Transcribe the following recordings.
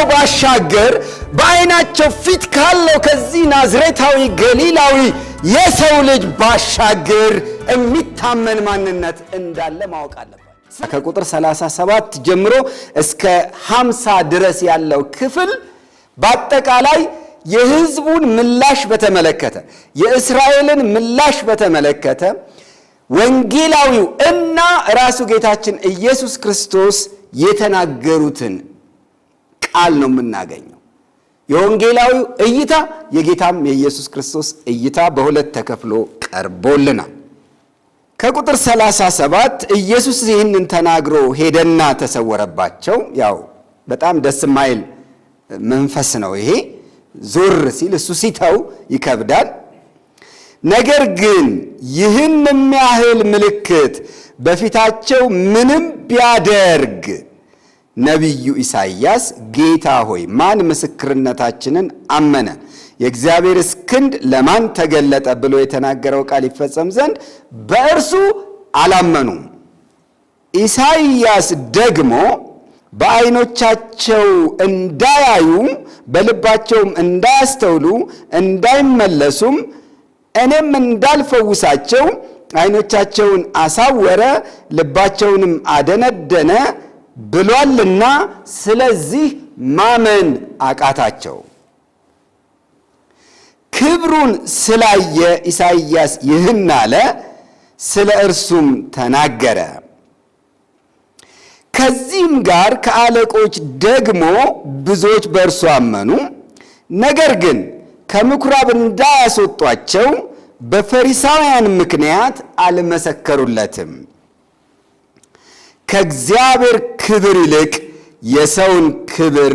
ከሚያየው ባሻገር በዓይናቸው ፊት ካለው ከዚህ ናዝሬታዊ ገሊላዊ የሰው ልጅ ባሻገር የሚታመን ማንነት እንዳለ ማወቅ አለባቸው። ከቁጥር 37 ጀምሮ እስከ 50 ድረስ ያለው ክፍል በአጠቃላይ የሕዝቡን ምላሽ በተመለከተ የእስራኤልን ምላሽ በተመለከተ ወንጌላዊው እና ራሱ ጌታችን ኢየሱስ ክርስቶስ የተናገሩትን ቃል ነው የምናገኘው። የወንጌላዊው እይታ የጌታም የኢየሱስ ክርስቶስ እይታ በሁለት ተከፍሎ ቀርቦልናል። ከቁጥር 37 ኢየሱስ ይህንን ተናግሮ ሄደና ተሰወረባቸው። ያው በጣም ደስ ማይል መንፈስ ነው ይሄ። ዞር ሲል እሱ ሲተው ይከብዳል። ነገር ግን ይህን የሚያህል ምልክት በፊታቸው ምንም ቢያደርግ ነቢዩ ኢሳይያስ ጌታ ሆይ ማን ምስክርነታችንን አመነ? የእግዚአብሔርስ ክንድ ለማን ተገለጠ? ብሎ የተናገረው ቃል ይፈጸም ዘንድ በእርሱ አላመኑም። ኢሳይያስ ደግሞ በዓይኖቻቸው እንዳያዩ በልባቸውም እንዳያስተውሉ እንዳይመለሱም እኔም እንዳልፈውሳቸው ዓይኖቻቸውን አሳወረ፣ ልባቸውንም አደነደነ ብሏልና ስለዚህ ማመን አቃታቸው። ክብሩን ስላየ ኢሳይያስ ይህን አለ፣ ስለ እርሱም ተናገረ። ከዚህም ጋር ከአለቆች ደግሞ ብዙዎች በእርሱ አመኑ። ነገር ግን ከምኩራብ እንዳያስወጧቸው በፈሪሳውያን ምክንያት አልመሰከሩለትም። ከእግዚአብሔር ክብር ይልቅ የሰውን ክብር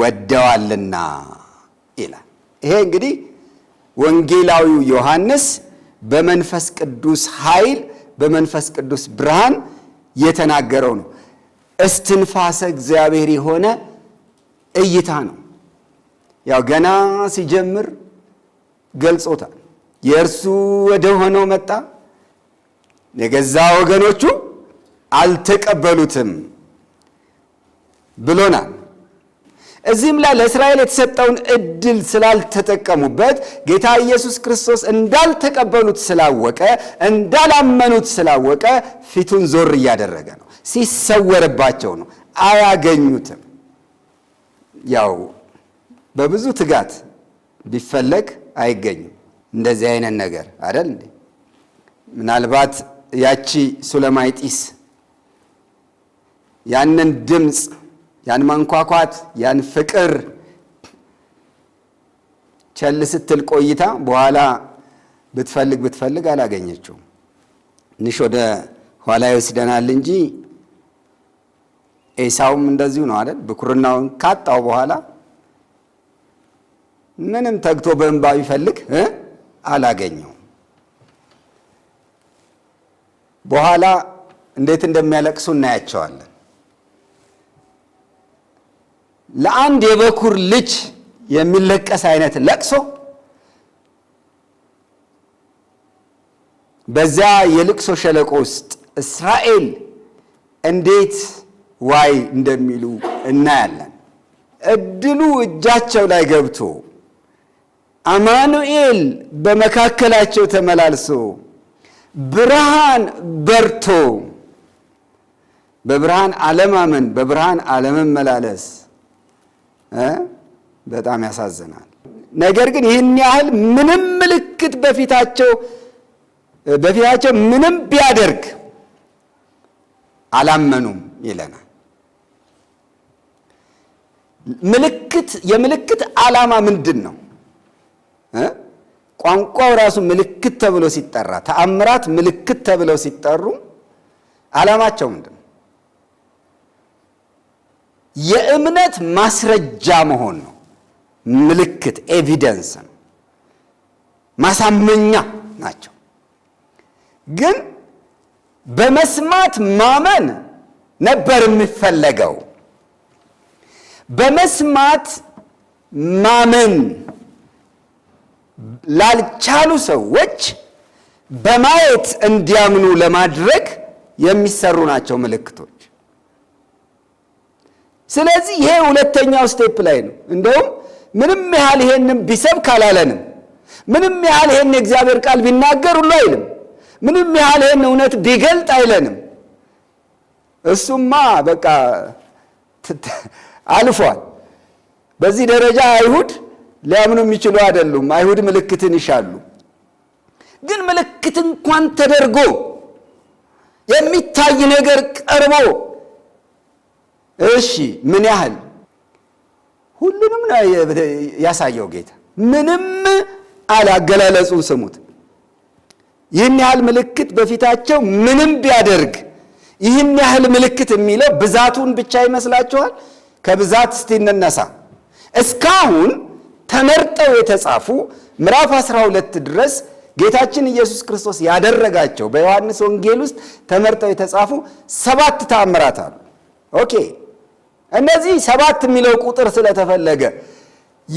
ወደዋልና ይላል። ይሄ እንግዲህ ወንጌላዊው ዮሐንስ በመንፈስ ቅዱስ ኃይል በመንፈስ ቅዱስ ብርሃን የተናገረው ነው። እስትንፋሰ እግዚአብሔር የሆነ እይታ ነው። ያው ገና ሲጀምር ገልጾታል። የእርሱ ወደ ሆነው መጣ የገዛ ወገኖቹ አልተቀበሉትም ብሎና እዚህም ላይ ለእስራኤል የተሰጠውን እድል ስላልተጠቀሙበት ጌታ ኢየሱስ ክርስቶስ እንዳልተቀበሉት ስላወቀ፣ እንዳላመኑት ስላወቀ ፊቱን ዞር እያደረገ ነው። ሲሰወርባቸው ነው። አያገኙትም። ያው በብዙ ትጋት ቢፈለግ አይገኝም። እንደዚህ አይነት ነገር አይደል? ምናልባት ያቺ ሱለማይጢስ ያንን ድምፅ፣ ያን ማንኳኳት፣ ያን ፍቅር ቸል ስትል ቆይታ በኋላ ብትፈልግ ብትፈልግ አላገኘችው ትንሽ ወደ ኋላ ይወስደናል እንጂ ኤሳውም እንደዚሁ ነው አይደል? ብኩርናውን ካጣው በኋላ ምንም ተግቶ በእንባ ቢፈልግ አላገኘው በኋላ እንዴት እንደሚያለቅሱ እናያቸዋለን። ለአንድ የበኩር ልጅ የሚለቀስ አይነት ለቅሶ በዚያ የልቅሶ ሸለቆ ውስጥ እስራኤል እንዴት ዋይ እንደሚሉ እናያለን። እድሉ እጃቸው ላይ ገብቶ አማኑኤል በመካከላቸው ተመላልሶ ብርሃን በርቶ በብርሃን አለማመን፣ በብርሃን አለመመላለስ በጣም ያሳዝናል። ነገር ግን ይህን ያህል ምንም ምልክት በፊታቸው በፊታቸው ምንም ቢያደርግ አላመኑም ይለናል። ምልክት የምልክት ዓላማ ምንድን ነው? ቋንቋው ራሱ ምልክት ተብሎ ሲጠራ ተአምራት ምልክት ተብለው ሲጠሩ ዓላማቸው ምንድን ነው? የእምነት ማስረጃ መሆን ነው። ምልክት ኤቪደንስ ነው፣ ማሳመኛ ናቸው። ግን በመስማት ማመን ነበር የሚፈለገው። በመስማት ማመን ላልቻሉ ሰዎች በማየት እንዲያምኑ ለማድረግ የሚሰሩ ናቸው ምልክቶች። ስለዚህ ይሄ ሁለተኛው ስቴፕ ላይ ነው። እንደውም ምንም ያህል ይሄንም ቢሰብክ አላለንም። ምንም ያህል ይሄን የእግዚአብሔር ቃል ቢናገር ሁሉ አይልም። ምንም ያህል ይሄን እውነት ቢገልጥ አይለንም። እሱማ በቃ አልፏል። በዚህ ደረጃ አይሁድ ሊያምኑ የሚችሉ አይደሉም። አይሁድ ምልክትን ይሻሉ። ግን ምልክት እንኳን ተደርጎ የሚታይ ነገር ቀርቦ እሺ ምን ያህል ሁሉንም ያሳየው ጌታ ምንም አላገላለጹ ስሙት። ይህን ያህል ምልክት በፊታቸው ምንም ቢያደርግ ይህን ያህል ምልክት የሚለው ብዛቱን ብቻ ይመስላችኋል? ከብዛት እስቲ እንነሳ። እስካሁን ተመርጠው የተጻፉ ምዕራፍ 12 ድረስ ጌታችን ኢየሱስ ክርስቶስ ያደረጋቸው በዮሐንስ ወንጌል ውስጥ ተመርጠው የተጻፉ ሰባት ተአምራት አሉ። ኦኬ እነዚህ ሰባት የሚለው ቁጥር ስለተፈለገ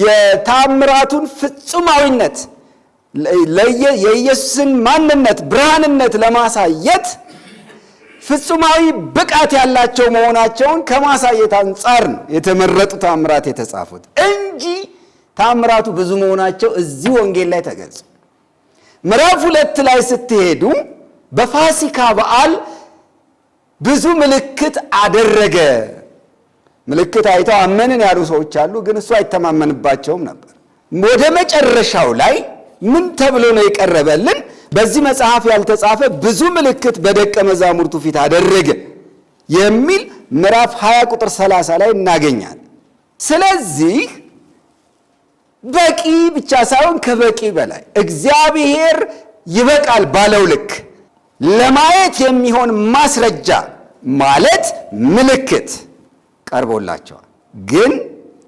የታምራቱን ፍጹማዊነት የኢየሱስን ማንነት ብርሃንነት ለማሳየት ፍጹማዊ ብቃት ያላቸው መሆናቸውን ከማሳየት አንጻር ነው የተመረጡ ታምራት የተጻፉት እንጂ ታምራቱ ብዙ መሆናቸው እዚህ ወንጌል ላይ ተገልጹ ምዕራፍ ሁለት ላይ ስትሄዱ በፋሲካ በዓል ብዙ ምልክት አደረገ ምልክት አይተው አመንን ያሉ ሰዎች አሉ፣ ግን እሱ አይተማመንባቸውም ነበር። ወደ መጨረሻው ላይ ምን ተብሎ ነው የቀረበልን? በዚህ መጽሐፍ ያልተጻፈ ብዙ ምልክት በደቀ መዛሙርቱ ፊት አደረገ የሚል ምዕራፍ 20 ቁጥር 30 ላይ እናገኛለን። ስለዚህ በቂ ብቻ ሳይሆን ከበቂ በላይ እግዚአብሔር ይበቃል ባለው ልክ ለማየት የሚሆን ማስረጃ ማለት ምልክት ቀርቦላቸዋል፣ ግን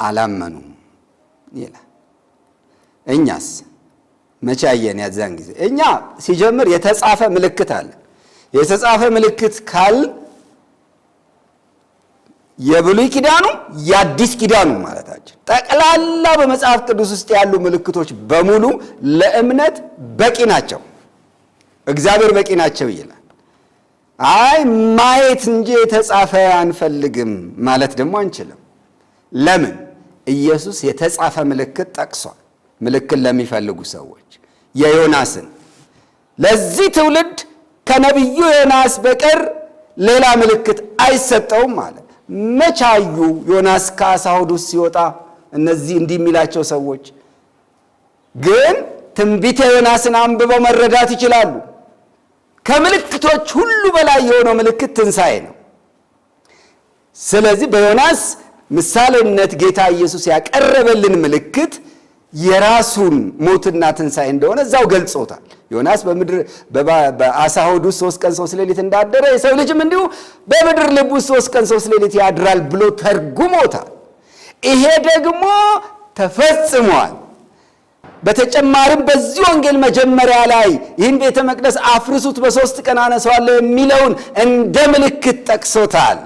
አላመኑም ይላል። እኛስ መቼ አየን? ያዛን ጊዜ እኛ ሲጀምር የተጻፈ ምልክት አለ። የተጻፈ ምልክት ካል የብሉይ ኪዳኑ የአዲስ ኪዳኑ ማለታችን ጠቅላላ በመጽሐፍ ቅዱስ ውስጥ ያሉ ምልክቶች በሙሉ ለእምነት በቂ ናቸው። እግዚአብሔር በቂ ናቸው ይላል። አይ ማየት እንጂ የተጻፈ አንፈልግም ማለት ደግሞ አንችልም። ለምን? ኢየሱስ የተጻፈ ምልክት ጠቅሷል። ምልክት ለሚፈልጉ ሰዎች የዮናስን ለዚህ ትውልድ ከነቢዩ ዮናስ በቀር ሌላ ምልክት አይሰጠውም አለ። መቻዩ ዮናስ ከአሳ ሆድ ውስጥ ሲወጣ እነዚህ እንዲህ የሚላቸው ሰዎች ግን ትንቢተ ዮናስን አንብበው መረዳት ይችላሉ። ከምልክቶች ሁሉ በላይ የሆነው ምልክት ትንሣኤ ነው። ስለዚህ በዮናስ ምሳሌነት ጌታ ኢየሱስ ያቀረበልን ምልክት የራሱን ሞትና ትንሣኤ እንደሆነ እዛው ገልጾታል። ዮናስ በምድር በአሳ ሆድ ውስጥ ሶስት ቀን ሶስት ሌሊት እንዳደረ የሰው ልጅም እንዲሁ በምድር ልብ ውስጥ ሶስት ቀን ሶስት ሌሊት ያድራል ብሎ ተርጉሞታል። ይሄ ደግሞ ተፈጽሟል። በተጨማሪም በዚህ ወንጌል መጀመሪያ ላይ ይህን ቤተ መቅደስ አፍርሱት በሦስት ቀን አነሰዋለ የሚለውን እንደ ምልክት ጠቅሶታል።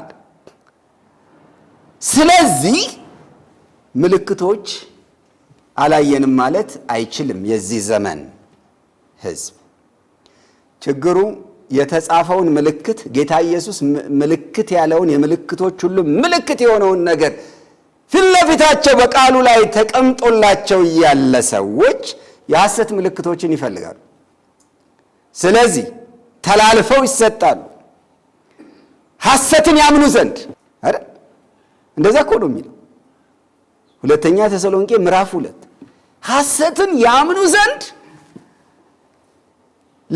ስለዚህ ምልክቶች አላየንም ማለት አይችልም። የዚህ ዘመን ህዝብ ችግሩ የተጻፈውን ምልክት ጌታ ኢየሱስ ምልክት ያለውን የምልክቶች ሁሉ ምልክት የሆነውን ነገር ፊት ለፊታቸው በቃሉ ላይ ተቀምጦላቸው ያለ ሰዎች የሐሰት ምልክቶችን ይፈልጋሉ። ስለዚህ ተላልፈው ይሰጣሉ፣ ሐሰትን ያምኑ ዘንድ አይደል? እንደዚያ እኮ ነው የሚለው ሁለተኛ ተሰሎንቄ ምዕራፍ ሁለት ሐሰትን ያምኑ ዘንድ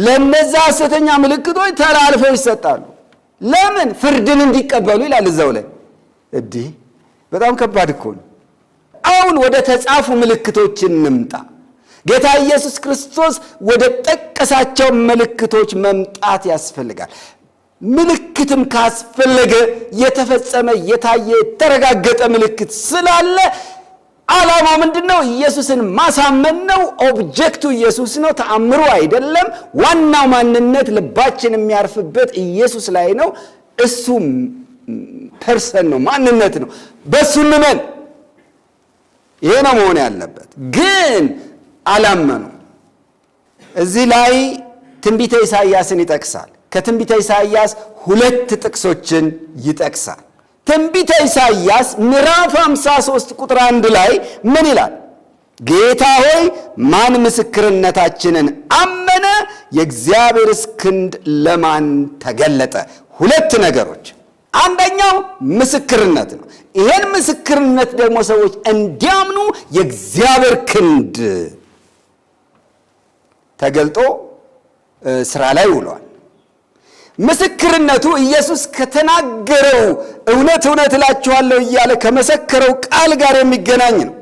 ለነዛ ሐሰተኛ ምልክቶች ተላልፈው ይሰጣሉ። ለምን? ፍርድን እንዲቀበሉ ይላል እዛው ላይ እዲህ በጣም ከባድ እኮ ነው። አሁን ወደ ተጻፉ ምልክቶች እንምጣ። ጌታ ኢየሱስ ክርስቶስ ወደ ጠቀሳቸው ምልክቶች መምጣት ያስፈልጋል። ምልክትም ካስፈለገ የተፈጸመ የታየ የተረጋገጠ ምልክት ስላለ ዓላማው ምንድን ነው? ኢየሱስን ማሳመን ነው። ኦብጀክቱ ኢየሱስ ነው፣ ተአምሩ አይደለም። ዋናው ማንነት ልባችን የሚያርፍበት ኢየሱስ ላይ ነው። እሱ ፐርሰን ነው፣ ማንነት ነው። በሱ እንመን። ይሄ ነው መሆን ያለበት። ግን አላመኑ። እዚህ ላይ ትንቢተ ኢሳይያስን ይጠቅሳል። ከትንቢተ ኢሳይያስ ሁለት ጥቅሶችን ይጠቅሳል። ትንቢተ ኢሳይያስ ምዕራፍ 53 ቁጥር አንድ ላይ ምን ይላል? ጌታ ሆይ ማን ምስክርነታችንን አመነ? የእግዚአብሔርስ ክንድ ለማን ተገለጠ? ሁለት ነገሮች አንደኛው ምስክርነት ነው። ይሄን ምስክርነት ደግሞ ሰዎች እንዲያምኑ የእግዚአብሔር ክንድ ተገልጦ ስራ ላይ ውሏል። ምስክርነቱ ኢየሱስ ከተናገረው እውነት እውነት እላችኋለሁ እያለ ከመሰከረው ቃል ጋር የሚገናኝ ነው።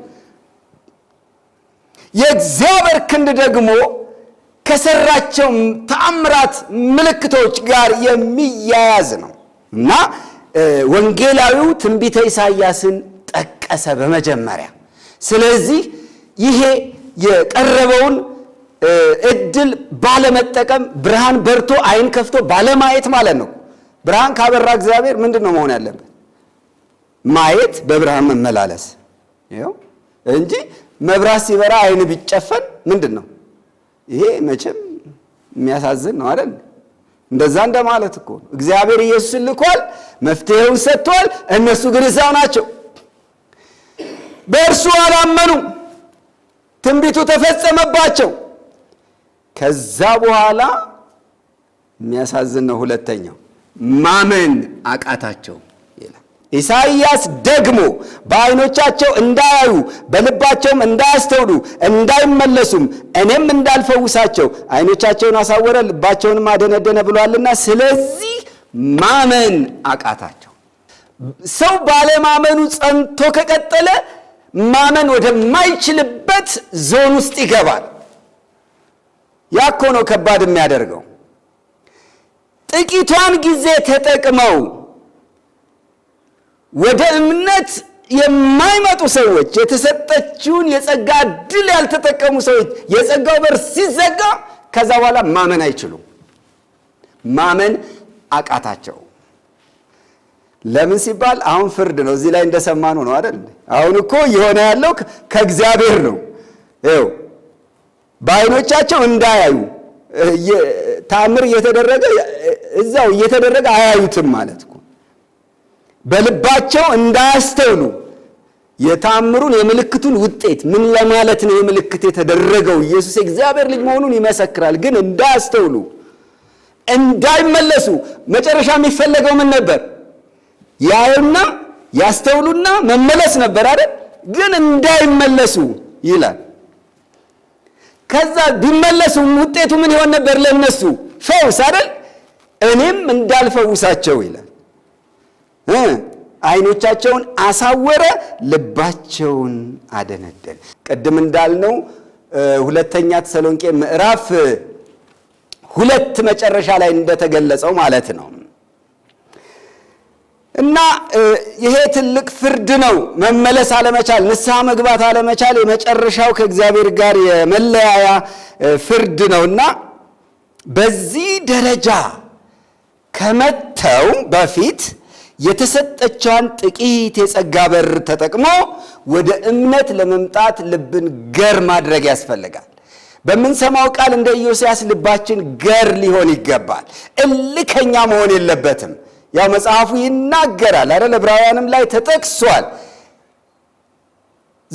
የእግዚአብሔር ክንድ ደግሞ ከሰራቸው ተአምራት ምልክቶች ጋር የሚያያዝ ነው። እና ወንጌላዊው ትንቢተ ኢሳይያስን ጠቀሰ በመጀመሪያ። ስለዚህ ይሄ የቀረበውን እድል ባለመጠቀም ብርሃን በርቶ አይን ከፍቶ ባለማየት ማለት ነው። ብርሃን ካበራ እግዚአብሔር ምንድን ነው መሆን ያለበት? ማየት፣ በብርሃን መመላለስ እንጂ መብራት ሲበራ አይን ቢጨፈን ምንድን ነው ይሄ? መቼም የሚያሳዝን ነው አይደል? እንደዛ እንደማለት እኮ ነው። እግዚአብሔር ኢየሱስን ልኳል፣ መፍትሄውን ሰጥቷል። እነሱ ግን እዛው ናቸው። በእርሱ አላመኑ፣ ትንቢቱ ተፈጸመባቸው። ከዛ በኋላ የሚያሳዝን ነው። ሁለተኛው ማመን አቃታቸው። ኢሳይያስ ደግሞ በዓይኖቻቸው እንዳያዩ በልባቸውም እንዳያስተውሉ እንዳይመለሱም እኔም እንዳልፈውሳቸው ዓይኖቻቸውን አሳወረ ልባቸውንም አደነደነ ብሏልና ስለዚህ ማመን አቃታቸው። ሰው ባለማመኑ ጸንቶ ከቀጠለ ማመን ወደማይችልበት ዞን ውስጥ ይገባል። ያኮ ነው ከባድ የሚያደርገው። ጥቂቷን ጊዜ ተጠቅመው ወደ እምነት የማይመጡ ሰዎች የተሰጠችውን የጸጋ እድል ያልተጠቀሙ ሰዎች የጸጋው በር ሲዘጋ ከዛ በኋላ ማመን አይችሉም። ማመን አቃታቸው። ለምን ሲባል አሁን ፍርድ ነው። እዚህ ላይ እንደሰማኑ ነው አይደል? አሁን እኮ የሆነ ያለው ከእግዚአብሔር ነው። ይኸው በአይኖቻቸው እንዳያዩ ታምር እየተደረገ እዛው እየተደረገ አያዩትም ማለት በልባቸው እንዳያስተውሉ የታምሩን የምልክቱን ውጤት ምን ለማለት ነው የምልክት የተደረገው ኢየሱስ የእግዚአብሔር ልጅ መሆኑን ይመሰክራል። ግን እንዳያስተውሉ እንዳይመለሱ መጨረሻ የሚፈለገው ምን ነበር? ያዩና ያስተውሉና መመለስ ነበር አይደል? ግን እንዳይመለሱ ይላል። ከዛ ቢመለሱ ውጤቱ ምን ይሆን ነበር? ለነሱ ፈውስ አይደል? እኔም እንዳልፈውሳቸው ይላል አይኖቻቸውን አሳወረ፣ ልባቸውን አደነደን። ቅድም እንዳልነው ሁለተኛ ተሰሎንቄ ምዕራፍ ሁለት መጨረሻ ላይ እንደተገለጸው ማለት ነው። እና ይሄ ትልቅ ፍርድ ነው። መመለስ አለመቻል፣ ንስሐ መግባት አለመቻል የመጨረሻው ከእግዚአብሔር ጋር የመለያያ ፍርድ ነው እና በዚህ ደረጃ ከመተው በፊት የተሰጠችዋን ጥቂት የጸጋ በር ተጠቅሞ ወደ እምነት ለመምጣት ልብን ገር ማድረግ ያስፈልጋል። በምንሰማው ቃል እንደ ኢዮስያስ ልባችን ገር ሊሆን ይገባል። እልከኛ መሆን የለበትም። ያው መጽሐፉ ይናገራል አረ ዕብራውያንም ላይ ተጠቅሷል።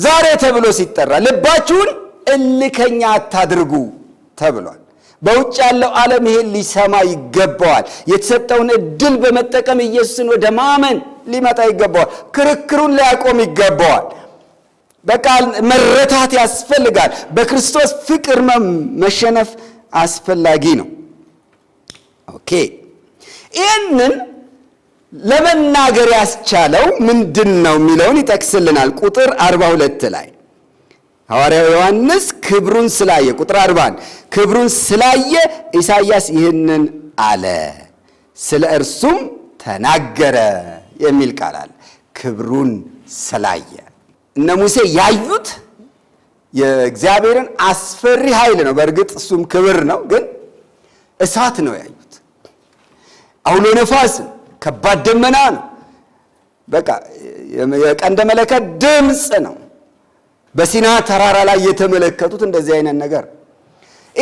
ዛሬ ተብሎ ሲጠራ ልባችሁን እልከኛ አታድርጉ ተብሏል። በውጭ ያለው ዓለም ይሄን ሊሰማ ይገባዋል። የተሰጠውን እድል በመጠቀም ኢየሱስን ወደ ማመን ሊመጣ ይገባዋል። ክርክሩን ሊያቆም ይገባዋል። በቃ መረታት ያስፈልጋል። በክርስቶስ ፍቅር መሸነፍ አስፈላጊ ነው። ኦኬ ይህንን ለመናገር ያስቻለው ምንድን ነው የሚለውን ይጠቅስልናል ቁጥር 42 ላይ ሐዋርያው ዮሐንስ ክብሩን ስላየ ቁጥር አርባን ክብሩን ስላየ ኢሳይያስ ይህንን አለ፣ ስለ እርሱም ተናገረ የሚል ቃል አለ። ክብሩን ስላየ እነ ሙሴ ያዩት የእግዚአብሔርን አስፈሪ ኃይል ነው። በእርግጥ እሱም ክብር ነው፣ ግን እሳት ነው ያዩት። አውሎ ነፋስ፣ ከባድ ደመና ነው። በቃ የቀንደ መለከት ድምፅ ነው። በሲና ተራራ ላይ የተመለከቱት እንደዚህ አይነት ነገር።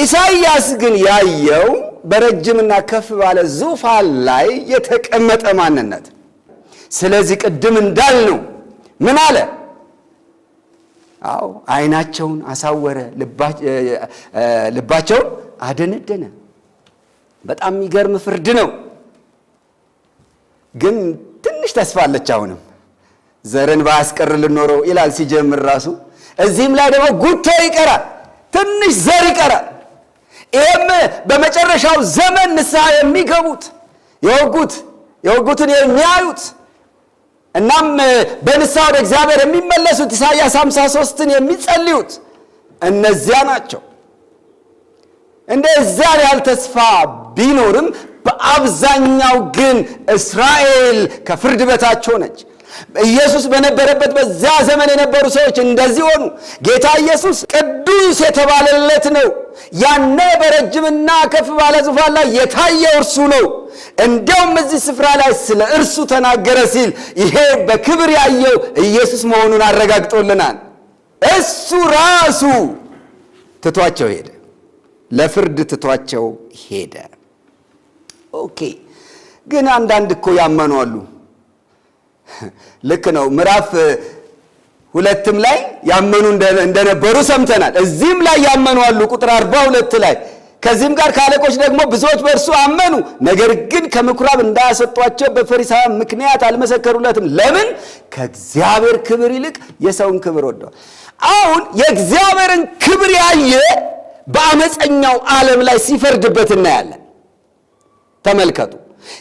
ኢሳይያስ ግን ያየው በረጅምና ከፍ ባለ ዙፋን ላይ የተቀመጠ ማንነት። ስለዚህ ቅድም እንዳልነው ምን አለ? አዎ አይናቸውን አሳወረ፣ ልባቸውን አደነደነ። በጣም የሚገርም ፍርድ ነው። ግን ትንሽ ተስፋ አለች። አሁንም ዘርን ባያስቀር ልኖረው ይላል ሲጀምር ራሱ እዚህም ላይ ደግሞ ጉቶ ይቀራል፣ ትንሽ ዘር ይቀራል። ይህም በመጨረሻው ዘመን ንስሐ የሚገቡት የወጉት የወጉትን የሚያዩት እናም በንስሐ ወደ እግዚአብሔር የሚመለሱት ኢሳያስ 53ን የሚጸልዩት እነዚያ ናቸው። እንደዚያን ያህል ተስፋ ቢኖርም በአብዛኛው ግን እስራኤል ከፍርድ በታች ሆነች። ኢየሱስ በነበረበት በዚያ ዘመን የነበሩ ሰዎች እንደዚህ ሆኑ። ጌታ ኢየሱስ ቅዱስ የተባለለት ነው። ያነ በረጅምና ከፍ ባለ ዙፋን ላይ የታየው እርሱ ነው። እንደውም እዚህ ስፍራ ላይ ስለ እርሱ ተናገረ ሲል ይሄ በክብር ያየው ኢየሱስ መሆኑን አረጋግጦልናል። እሱ ራሱ ትቷቸው ሄደ፣ ለፍርድ ትቷቸው ሄደ። ኦኬ። ግን አንዳንድ እኮ ያመኑ አሉ። ልክ ነው። ምዕራፍ ሁለትም ላይ ያመኑ እንደነበሩ ሰምተናል። እዚህም ላይ ያመኑ አሉ። ቁጥር አርባ ሁለት ላይ ከዚህም ጋር ከአለቆች ደግሞ ብዙዎች በእርሱ አመኑ፣ ነገር ግን ከምኩራብ እንዳያሰጧቸው በፈሪሳውያን ምክንያት አልመሰከሩለትም። ለምን? ከእግዚአብሔር ክብር ይልቅ የሰውን ክብር ወደዋል። አሁን የእግዚአብሔርን ክብር ያየ በአመፀኛው ዓለም ላይ ሲፈርድበት እናያለን። ተመልከቱ።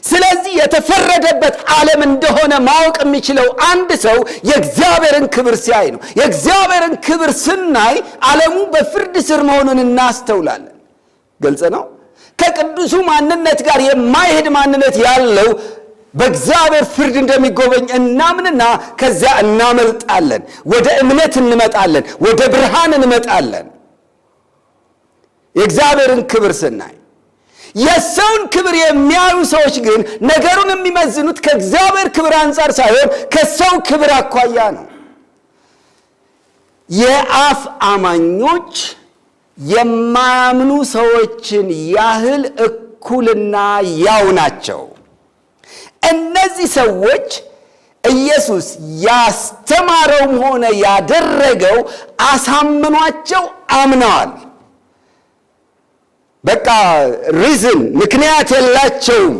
ስለዚህ የተፈረደበት ዓለም እንደሆነ ማወቅ የሚችለው አንድ ሰው የእግዚአብሔርን ክብር ሲያይ ነው። የእግዚአብሔርን ክብር ስናይ ዓለሙ በፍርድ ስር መሆኑን እናስተውላለን። ግልጽ ነው። ከቅዱሱ ማንነት ጋር የማይሄድ ማንነት ያለው በእግዚአብሔር ፍርድ እንደሚጎበኝ እናምንና ከዚያ እናመልጣለን። ወደ እምነት እንመጣለን። ወደ ብርሃን እንመጣለን። የእግዚአብሔርን ክብር ስናይ የሰውን ክብር የሚያዩ ሰዎች ግን ነገሩን የሚመዝኑት ከእግዚአብሔር ክብር አንጻር ሳይሆን ከሰው ክብር አኳያ ነው። የአፍ አማኞች የማያምኑ ሰዎችን ያህል እኩልና ያው ናቸው። እነዚህ ሰዎች ኢየሱስ ያስተማረውም ሆነ ያደረገው አሳምኗቸው አምነዋል። በቃ ሪዝን ምክንያት የላቸውም።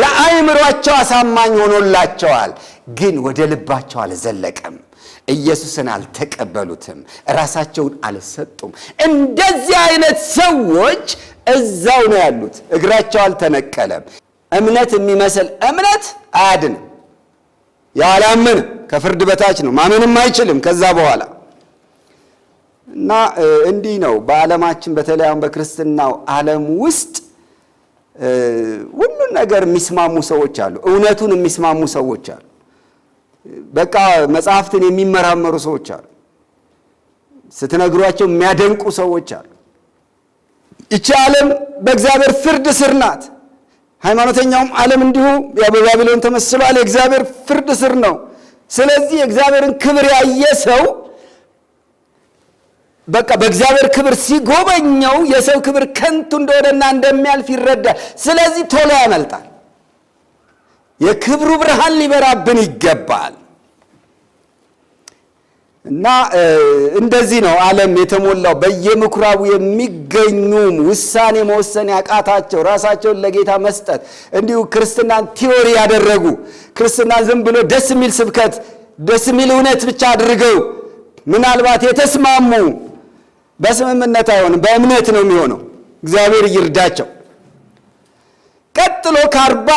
ለአእምሯቸው አሳማኝ ሆኖላቸዋል፣ ግን ወደ ልባቸው አልዘለቀም። ኢየሱስን አልተቀበሉትም፣ ራሳቸውን አልሰጡም። እንደዚህ አይነት ሰዎች እዛው ነው ያሉት። እግራቸው አልተነቀለም። እምነት የሚመስል እምነት አያድንም። ያላምን ከፍርድ በታች ነው። ማመንም አይችልም ከዛ በኋላ እና እንዲህ ነው በዓለማችን በተለይ አሁን በክርስትናው ዓለም ውስጥ ሁሉን ነገር የሚስማሙ ሰዎች አሉ። እውነቱን የሚስማሙ ሰዎች አሉ። በቃ መጽሐፍትን የሚመራመሩ ሰዎች አሉ። ስትነግሯቸው የሚያደንቁ ሰዎች አሉ። ይቺ ዓለም በእግዚአብሔር ፍርድ ስር ናት። ሃይማኖተኛውም ዓለም እንዲሁ በባቢሎን ተመስሏል። የእግዚአብሔር ፍርድ ስር ነው። ስለዚህ የእግዚአብሔርን ክብር ያየ ሰው በቃ በእግዚአብሔር ክብር ሲጎበኘው የሰው ክብር ከንቱ እንደሆነና እንደሚያልፍ ይረዳል። ስለዚህ ቶሎ ያመልጣል። የክብሩ ብርሃን ሊበራብን ይገባል። እና እንደዚህ ነው ዓለም የተሞላው። በየምኩራቡ የሚገኙም ውሳኔ መወሰን ያቃታቸው ራሳቸውን ለጌታ መስጠት እንዲሁ ክርስትናን ቲዎሪ ያደረጉ ክርስትናን ዝም ብሎ ደስ የሚል ስብከት፣ ደስ የሚል እውነት ብቻ አድርገው ምናልባት የተስማሙ በስምምነት አይሆንም፣ በእምነት ነው የሚሆነው። እግዚአብሔር ይርዳቸው። ቀጥሎ ከአርባ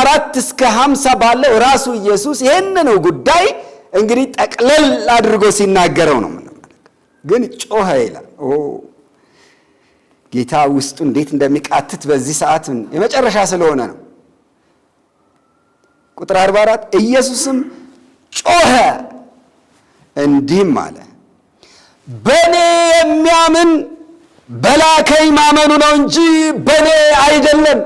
አራት እስከ ሀምሳ ባለው ራሱ ኢየሱስ ይህንኑ ጉዳይ እንግዲህ ጠቅለል አድርጎ ሲናገረው ነው ግን ጮኸ ይላል ጌታ ውስጡ እንዴት እንደሚቃትት በዚህ ሰዓት የመጨረሻ ስለሆነ ነው። ቁጥር 44 ኢየሱስም ጮኸ እንዲህም አለ በእኔ የሚያምን በላከኝ ማመኑ ነው እንጂ በእኔ አይደለም።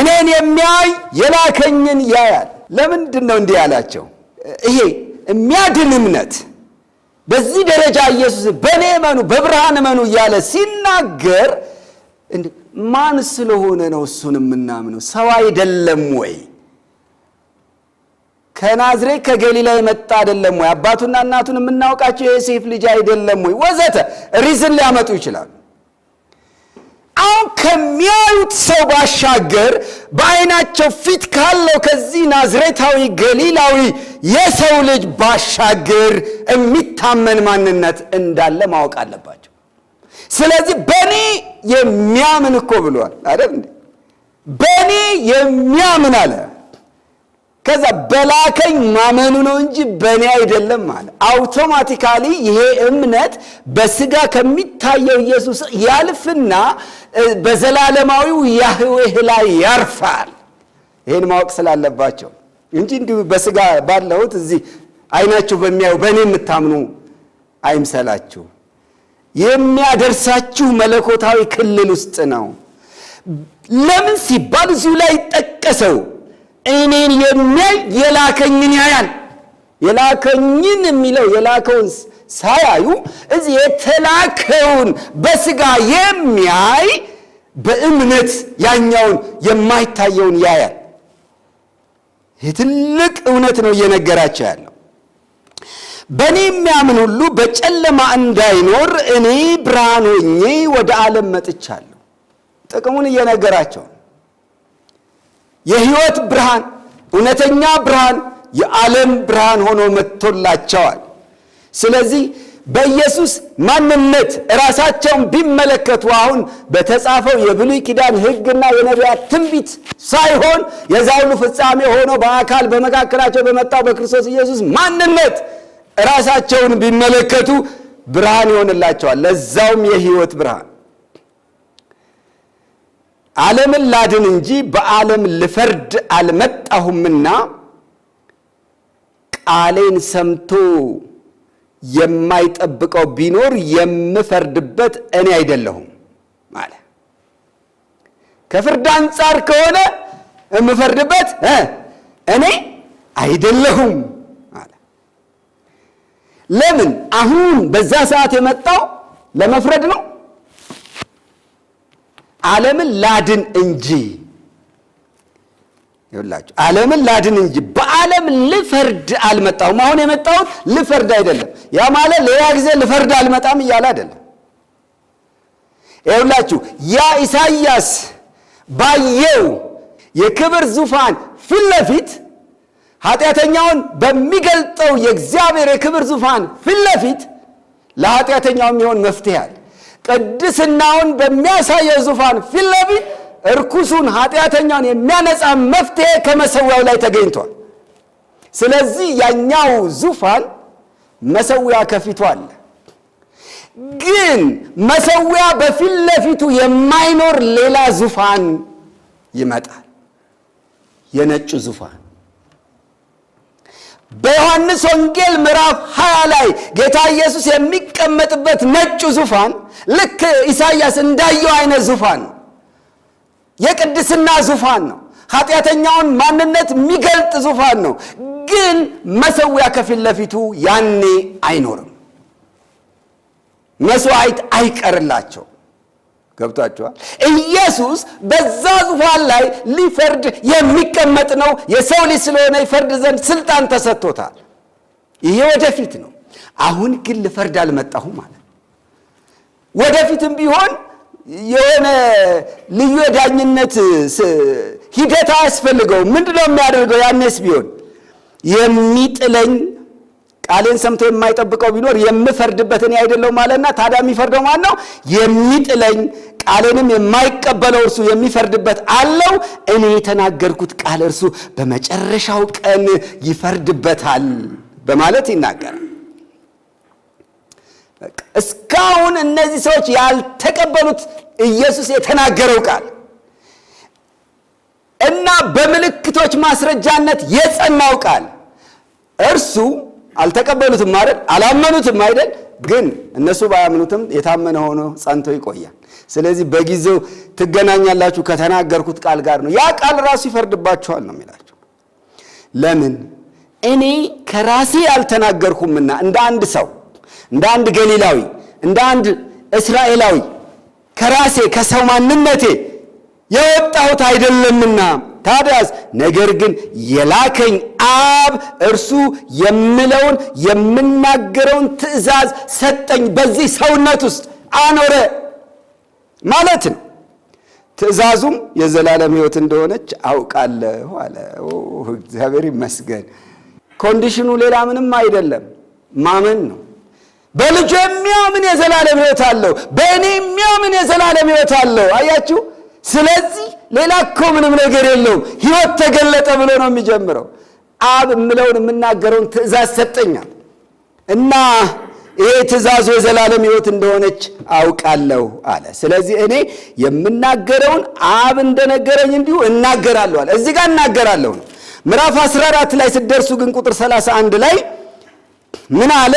እኔን የሚያይ የላከኝን ያያል። ለምንድን ነው እንዲህ ያላቸው? ይሄ የሚያድን እምነት በዚህ ደረጃ ኢየሱስ በእኔ እመኑ፣ በብርሃን እመኑ እያለ ሲናገር ማን ስለሆነ ነው እሱን የምናምነው? ሰው አይደለም ወይ? ከናዝሬት ከገሊላ የመጣ አይደለም ወይ? አባቱና እናቱን የምናውቃቸው የዮሴፍ ልጅ አይደለም ወይ? ወዘተ ሪዝን ሊያመጡ ይችላሉ። አሁን ከሚያዩት ሰው ባሻገር በዓይናቸው ፊት ካለው ከዚህ ናዝሬታዊ ገሊላዊ የሰው ልጅ ባሻገር የሚታመን ማንነት እንዳለ ማወቅ አለባቸው። ስለዚህ በእኔ የሚያምን እኮ ብሏል አይደል? በእኔ የሚያምን አለ ከዛ በላከኝ ማመኑ ነው እንጂ በእኔ አይደለም አለ። አውቶማቲካሊ ይሄ እምነት በስጋ ከሚታየው ኢየሱስ ያልፍና በዘላለማዊው ያህዌህ ላይ ያርፋል። ይህን ማወቅ ስላለባቸው እንጂ እንዲሁ በስጋ ባለሁት እዚህ አይናችሁ በሚያዩ በእኔ የምታምኑ አይምሰላችሁ። የሚያደርሳችሁ መለኮታዊ ክልል ውስጥ ነው። ለምን ሲባል እዚሁ ላይ ጠቀሰው። እኔን የሚያይ የላከኝን ያያል። የላከኝን የሚለው የላከውን ሳያዩ እዚህ የተላከውን በስጋ የሚያይ በእምነት ያኛውን የማይታየውን ያያል። ይህ ትልቅ እውነት ነው እየነገራቸው ያለው። በእኔ የሚያምን ሁሉ በጨለማ እንዳይኖር እኔ ብርሃን ሆኜ ወደ ዓለም መጥቻለሁ። ጥቅሙን እየነገራቸው ነው። የህይወት ብርሃን፣ እውነተኛ ብርሃን፣ የዓለም ብርሃን ሆኖ መጥቶላቸዋል። ስለዚህ በኢየሱስ ማንነት ራሳቸውን ቢመለከቱ አሁን በተጻፈው የብሉይ ኪዳን ህግና የነቢያት ትንቢት ሳይሆን የዛ ሁሉ ፍጻሜ ሆኖ በአካል በመካከላቸው በመጣው በክርስቶስ ኢየሱስ ማንነት ራሳቸውን ቢመለከቱ ብርሃን ይሆንላቸዋል። ለዛውም የህይወት ብርሃን ዓለምን ላድን እንጂ በዓለም ልፈርድ አልመጣሁምና ቃሌን ሰምቶ የማይጠብቀው ቢኖር የምፈርድበት እኔ አይደለሁም አለ። ከፍርድ አንጻር ከሆነ የምፈርድበት እኔ አይደለሁም አለ። ለምን አሁን በዛ ሰዓት የመጣው ለመፍረድ ነው? ዓለምን ላድን እንጂ ይላቸው ዓለምን ላድን እንጂ በዓለም ልፈርድ አልመጣሁም። አሁን የመጣሁት ልፈርድ አይደለም። ያ ማለት ሌላ ጊዜ ልፈርድ አልመጣም እያለ አይደለም። ይሁላችሁ ያ ኢሳይያስ ባየው የክብር ዙፋን ፊት ለፊት ኃጢአተኛውን በሚገልጠው የእግዚአብሔር የክብር ዙፋን ፊት ለፊት ለኃጢአተኛው የሚሆን መፍትሄ አለ። ቅድስናውን በሚያሳየው ዙፋን ፊት ለፊት እርኩሱን ኃጢአተኛውን የሚያነጻ መፍትሄ ከመሰዊያው ላይ ተገኝቷል። ስለዚህ ያኛው ዙፋን መሰዊያ ከፊቱ አለ። ግን መሰዊያ በፊት ለፊቱ የማይኖር ሌላ ዙፋን ይመጣል፣ የነጩ ዙፋን በዮሐንስ ወንጌል ምዕራፍ 20 ላይ ጌታ ኢየሱስ የሚቀመጥበት ነጩ ዙፋን ልክ ኢሳይያስ እንዳየው አይነት ዙፋን ነው። የቅድስና ዙፋን ነው። ኃጢአተኛውን ማንነት የሚገልጥ ዙፋን ነው። ግን መሰዊያ ከፊት ለፊቱ ያኔ አይኖርም። መስዋዕት አይቀርላቸው ገብቷቸዋል ኢየሱስ በዛ ዙፋን ላይ ሊፈርድ የሚቀመጥ ነው። የሰው ልጅ ስለሆነ ይፈርድ ዘንድ ስልጣን ተሰጥቶታል። ይሄ ወደፊት ነው። አሁን ግን ልፈርድ አልመጣሁም ማለት ወደፊትም ቢሆን የሆነ ልዩ የዳኝነት ሂደት አያስፈልገውም። ምንድነው የሚያደርገው? ያኔስ ቢሆን የሚጥለኝ ቃሌን ሰምቶ የማይጠብቀው ቢኖር የምፈርድበት እኔ አይደለሁ ማለትና ታዲያ የሚፈርደው ማን ነው? የሚጥለኝ ቃሌንም የማይቀበለው እርሱ የሚፈርድበት አለው። እኔ የተናገርኩት ቃል እርሱ በመጨረሻው ቀን ይፈርድበታል በማለት ይናገራል። እስካሁን እነዚህ ሰዎች ያልተቀበሉት ኢየሱስ የተናገረው ቃል እና በምልክቶች ማስረጃነት የጸናው ቃል እርሱ አልተቀበሉትም አይደል? አላመኑትም አይደል? ግን እነሱ ባያምኑትም የታመነ ሆኖ ጸንቶ ይቆያል። ስለዚህ በጊዜው ትገናኛላችሁ ከተናገርኩት ቃል ጋር ነው። ያ ቃል ራሱ ይፈርድባችኋል ነው የሚላቸው። ለምን እኔ ከራሴ አልተናገርኩምና እንደ አንድ ሰው፣ እንደ አንድ ገሊላዊ፣ እንደ አንድ እስራኤላዊ ከራሴ ከሰው ማንነቴ የወጣሁት አይደለምና ታዲያስ ነገር ግን የላከኝ አብ እርሱ የምለውን የምናገረውን ትእዛዝ ሰጠኝ፣ በዚህ ሰውነት ውስጥ አኖረ ማለት ነው። ትእዛዙም የዘላለም ሕይወት እንደሆነች አውቃለሁ አለ። እግዚአብሔር ይመስገን። ኮንዲሽኑ ሌላ ምንም አይደለም፣ ማመን ነው። በልጁ የሚያምን የዘላለም ሕይወት አለው። በእኔ የሚያምን የዘላለም ሕይወት አለው። አያችሁ ስለዚህ ሌላ እኮ ምንም ነገር የለውም፣ ህይወት ተገለጠ ብሎ ነው የሚጀምረው። አብ የምለውን የምናገረውን ትእዛዝ ሰጠኛል እና ይሄ ትእዛዙ የዘላለም ህይወት እንደሆነች አውቃለሁ አለ። ስለዚህ እኔ የምናገረውን አብ እንደነገረኝ እንዲሁ እናገራለሁ አለ። እዚህ ጋር እናገራለሁ ነው። ምዕራፍ 14 ላይ ስደርሱ ግን ቁጥር 31 ላይ ምን አለ?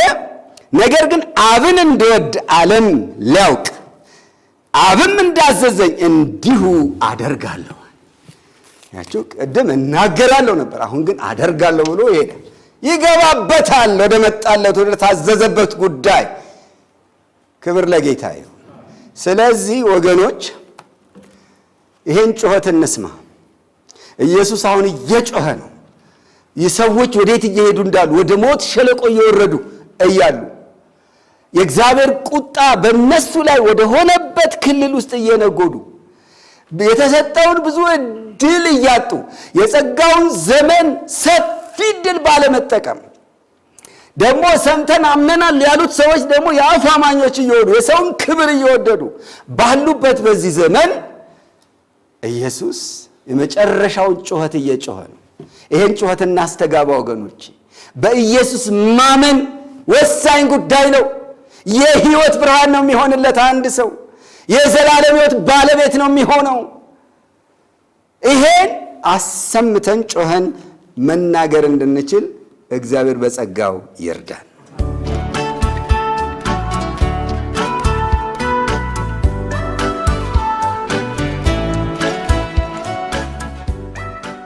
ነገር ግን አብን እንድወድ ዓለም ሊያውቅ አብም እንዳዘዘኝ እንዲሁ አደርጋለሁ። ያቸው ቅድም እናገራለሁ ነበር፣ አሁን ግን አደርጋለሁ ብሎ ይሄደ። ይገባበታል፣ ወደ መጣለት ወደ ታዘዘበት ጉዳይ። ክብር ለጌታ ይሁን። ስለዚህ ወገኖች ይሄን ጩኸት እንስማ። ኢየሱስ አሁን እየጮኸ ነው። የሰዎች ወዴት እየሄዱ እንዳሉ ወደ ሞት ሸለቆ እየወረዱ እያሉ የእግዚአብሔር ቁጣ በእነሱ ላይ ወደሆነበት ክልል ውስጥ እየነጎዱ የተሰጠውን ብዙ እድል እያጡ የጸጋውን ዘመን ሰፊ እድል ባለመጠቀም ደግሞ ሰምተን አምነናል ያሉት ሰዎች ደግሞ የአፍ አማኞች እየሆኑ የሰውን ክብር እየወደዱ ባሉበት በዚህ ዘመን ኢየሱስ የመጨረሻውን ጩኸት እየጮኸ ነው። ይህን ጩኸት እናስተጋባ ወገኖች። በኢየሱስ ማመን ወሳኝ ጉዳይ ነው። የህይወት ብርሃን ነው የሚሆንለት። አንድ ሰው የዘላለም ህይወት ባለቤት ነው የሚሆነው። ይሄን አሰምተን ጮኸን መናገር እንድንችል እግዚአብሔር በጸጋው ይርዳል።